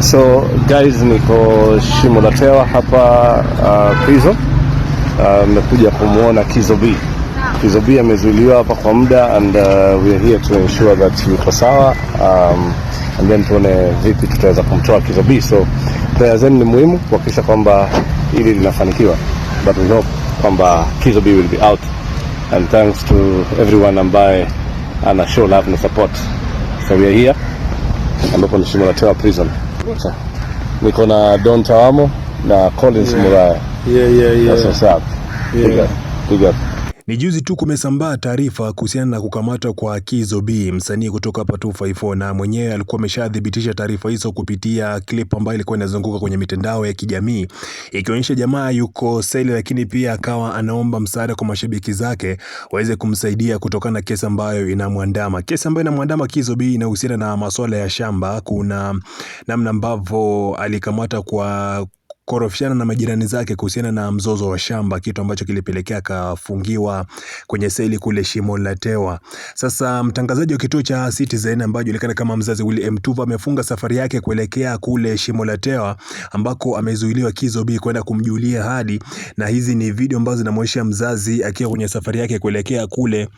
So guys, niko Shimo la Tewa hapa uh, Kizo. Uh, nimekuja uh, kumwona Kizo B. Kizo B amezuiliwa hapa kwa muda and uh, we are here to ensure that yuko sawa um, and then tuone vipi tutaweza kumtoa Kizo B. So prayer zenu ni muhimu kuhakikisha kwamba hili linafanikiwa, but we hope kwamba Kizo B will be out and thanks to everyone ambaye ana show love na support. So we are here ambapo ni Shimo la Tewa prison kocha. Niko na Don Tawamo na Collins yeah. Muraya. Yeah, yeah, yeah. That's Yeah. Big up. Big up. Ni juzi tu kumesambaa taarifa kuhusiana na kukamatwa kwa Kizo B, msanii kutoka hapa 254 na mwenyewe alikuwa ameshathibitisha taarifa hizo kupitia clip ambayo ilikuwa inazunguka kwenye mitandao ya kijamii ikionyesha jamaa yuko seli, lakini pia akawa anaomba msaada kwa mashabiki zake waweze kumsaidia kutokana na kesi ambayo inamwandama. Kesi ambayo inamwandama Kizo B inahusiana na masuala ya shamba. Kuna namna ambavyo alikamata kwa kukorofishana na majirani zake kuhusiana na mzozo wa shamba, kitu ambacho kilipelekea akafungiwa kwenye seli kule Shimo la Tewa. Sasa mtangazaji wa kituo cha Citizen ambaye anajulikana kama Mzazi Willy Mtuva amefunga safari yake kuelekea kule Shimo la Tewa ambako amezuiliwa kizobi kwenda kumjulia hali, na hizi ni video ambazo zinamwonyesha mzazi akiwa kwenye safari yake kuelekea kule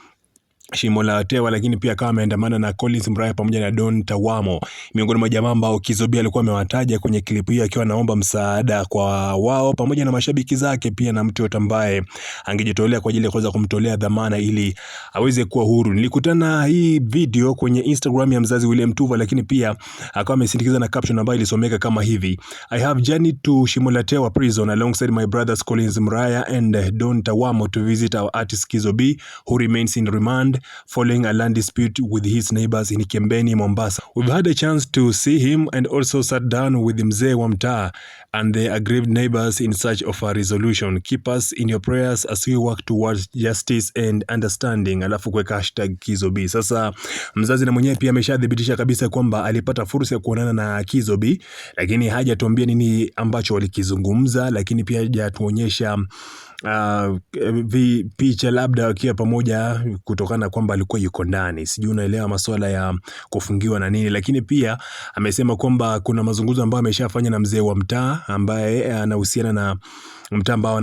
Shimo la Tewa, lakini pia akawa ameandamana na Collins Muraya pamoja na Don Tawamo, miongoni mwa jamaa ambao Kizobi alikuwa amewataja kwenye klipu hiyo akiwa anaomba msaada kwa wao pamoja na mashabiki zake, pia na mtu yote ambaye angejitolea kwa ajili ya kuweza kumtolea dhamana ili aweze kuwa huru. Nilikutana hii video kwenye Instagram ya mzazi William Tuva, lakini pia akawa amesindikiza na caption ambayo ilisomeka kama hivi: I have journeyed to Shimo la Tewa prison alongside my brothers Collins Muraya and Don Tawamo to visit our artist Kizobi who remains in remand following a land dispute with his neighbors in Kembeni, Mombasa. We've had a chance to see him and also sat down with Mzee wa Mtaa and the aggrieved neighbors in search of a resolution. Keep us in your prayers as we work towards justice and understanding. Alafu kuweka hashtag Kizobi. Sasa mzazi na mwenyewe pia ameshathibitisha kabisa kwamba alipata fursa ya kuonana na Kizobi, lakini hajatuambia nini ambacho walikizungumza, lakini pia hajatuonyesha Uh, picha labda wakiwa pamoja kutokana kwamba alikuwa yuko ndani. Sijui unaelewa masuala ya kufungiwa na nini, lakini pia amesema kwamba kuna mazungumzo ambayo ameshafanya na mzee wa mtaa ambaye anahusiana na mtaa ambao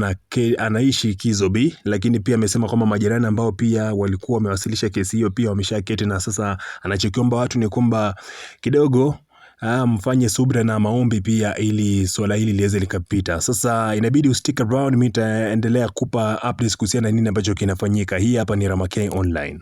anaishi B, lakini pia amesema kwamba majirani ambao pia walikuwa wamewasilisha kesi hiyo pia wameshaketi, na sasa anachokiomba watu ni kwamba kidogo Ah, mfanye subra na maombi pia ili swala hili liweze likapita. Sasa inabidi ustick around, mimi nitaendelea kupa updates kuhusiana na nini ambacho kinafanyika. Hii hapa ni Rama Online.